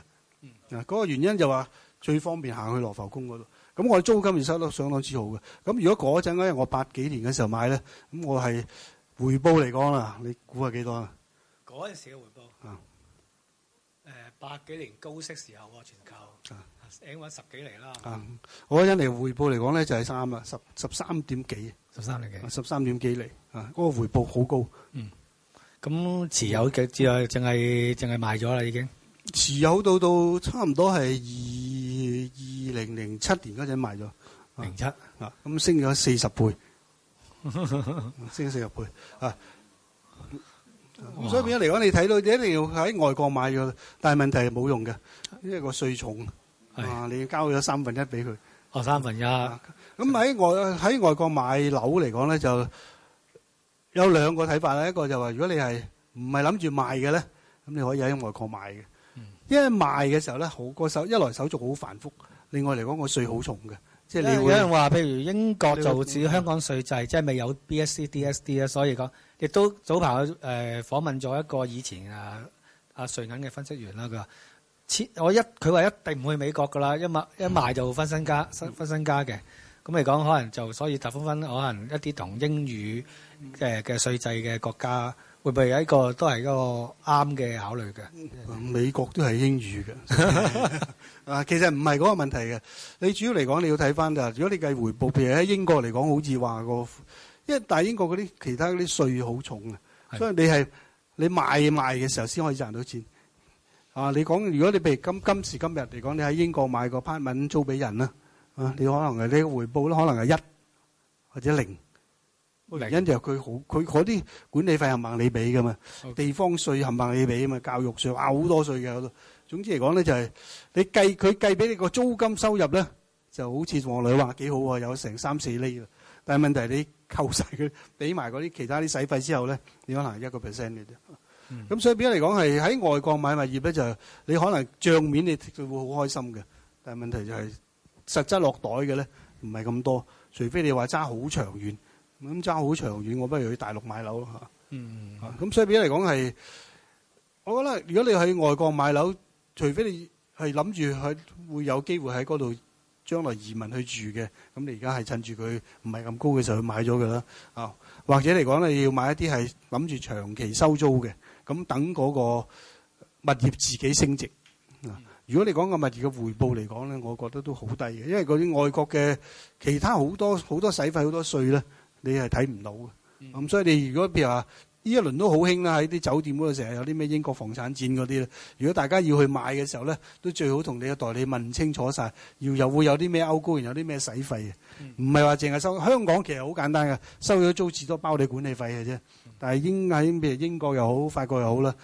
嗱，嗰個原因就話最方便行去羅浮宮嗰度。咁我哋租金亦收得相當之好嘅。咁如果嗰陣，因為我八幾年嘅時候買咧，咁我係回報嚟講啦，你估下幾多啊？嗰陣時嘅回報啊，誒八幾年高息時候喎全球，誒揾十幾釐啦。啊，嗰陣嚟回報嚟講咧就係三啦，十十三點幾，十三釐幾，十三點幾釐啊，嗰個回報好高。嗯，咁持有嘅之外，淨係淨係賣咗啦已經。持有到到差唔多係二二零零七年嗰陣賣咗，零七啊，咁升咗四十倍，升咗四十倍啊！所以變咗嚟講，你睇到你一定要喺外國買咗，但係問題係冇用嘅，因為個稅重啊，你要交咗三分一俾佢，啊三分一，咁喺外喺外國買樓嚟講咧就有兩個睇法啦，一個就話如果你係唔係諗住賣嘅咧，咁你可以喺外國買嘅。因為賣嘅時候咧，好個手一來手續好繁複，另外嚟講個稅好重嘅，嗯、即係有人話，譬如英國就似香港稅制，即係未有 BSD DSD 啊、嗯，ST，所以講亦都早排誒、呃、訪問咗一個以前啊啊瑞、啊、銀嘅分析員啦，佢話：，我一佢話一定唔去美國噶啦，一賣一賣就分身家、嗯、分身家嘅，咁嚟講可能就所以特登分，分可能一啲同英語誒嘅稅制嘅國家。會唔會係一個都係一個啱嘅考慮嘅？美國都係英語嘅。啊，其實唔係嗰個問題嘅。你主要嚟講，你要睇翻就係，如果你計回報，譬如喺英國嚟講，好似話個，因為大英國嗰啲其他嗰啲稅好重嘅，所以你係你買賣嘅時候先可以賺到錢。啊，你講如果你譬如今今時今日嚟講，你喺英國買個批文租俾人啦，啊，你可能係你嘅回報咧，可能係一或者零。原因就係佢好佢嗰啲管理費冚唪唥你俾噶嘛，地方稅冚唪唥你俾啊嘛，教育稅哇，好多稅嘅。總之嚟講咧，就係你計佢計俾你個租金收入咧，就好似王女話幾好啊，有成三四厘啊。但係問題你扣曬佢俾埋嗰啲其他啲使費之後咧，你可能係一個 percent 嘅啫。咁所以變咗嚟講，係喺外國買物業咧，就係你可能帳面你會好開心嘅，但係問題就係實質落袋嘅咧唔係咁多，除非你話揸好長遠。咁揸好長遠，我不如去大陸買樓咯嚇。嗯，咁所以，譬如嚟講係，我覺得如果你喺外國買樓，除非你係諗住喺會有機會喺嗰度將來移民去住嘅，咁你而家係趁住佢唔係咁高嘅時候去買咗佢啦。啊，或者嚟講，你要買一啲係諗住長期收租嘅，咁等嗰個物業自己升值。如果你講個物業嘅回報嚟講咧，我覺得都好低嘅，因為嗰啲外國嘅其他好多好多使費好多稅咧。你係睇唔到嘅，咁所以你如果譬如話，呢一輪都好興啦，喺啲酒店嗰度成日有啲咩英國房產展嗰啲咧。如果大家要去買嘅時候咧，都最好同你嘅代理問清楚晒，又會有啲咩歐高，然後啲咩洗費嘅，唔係話淨係收香港其實好簡單嘅，收咗租至多包你管理費嘅啫。但係英喺譬如英國又好，法國又好啦。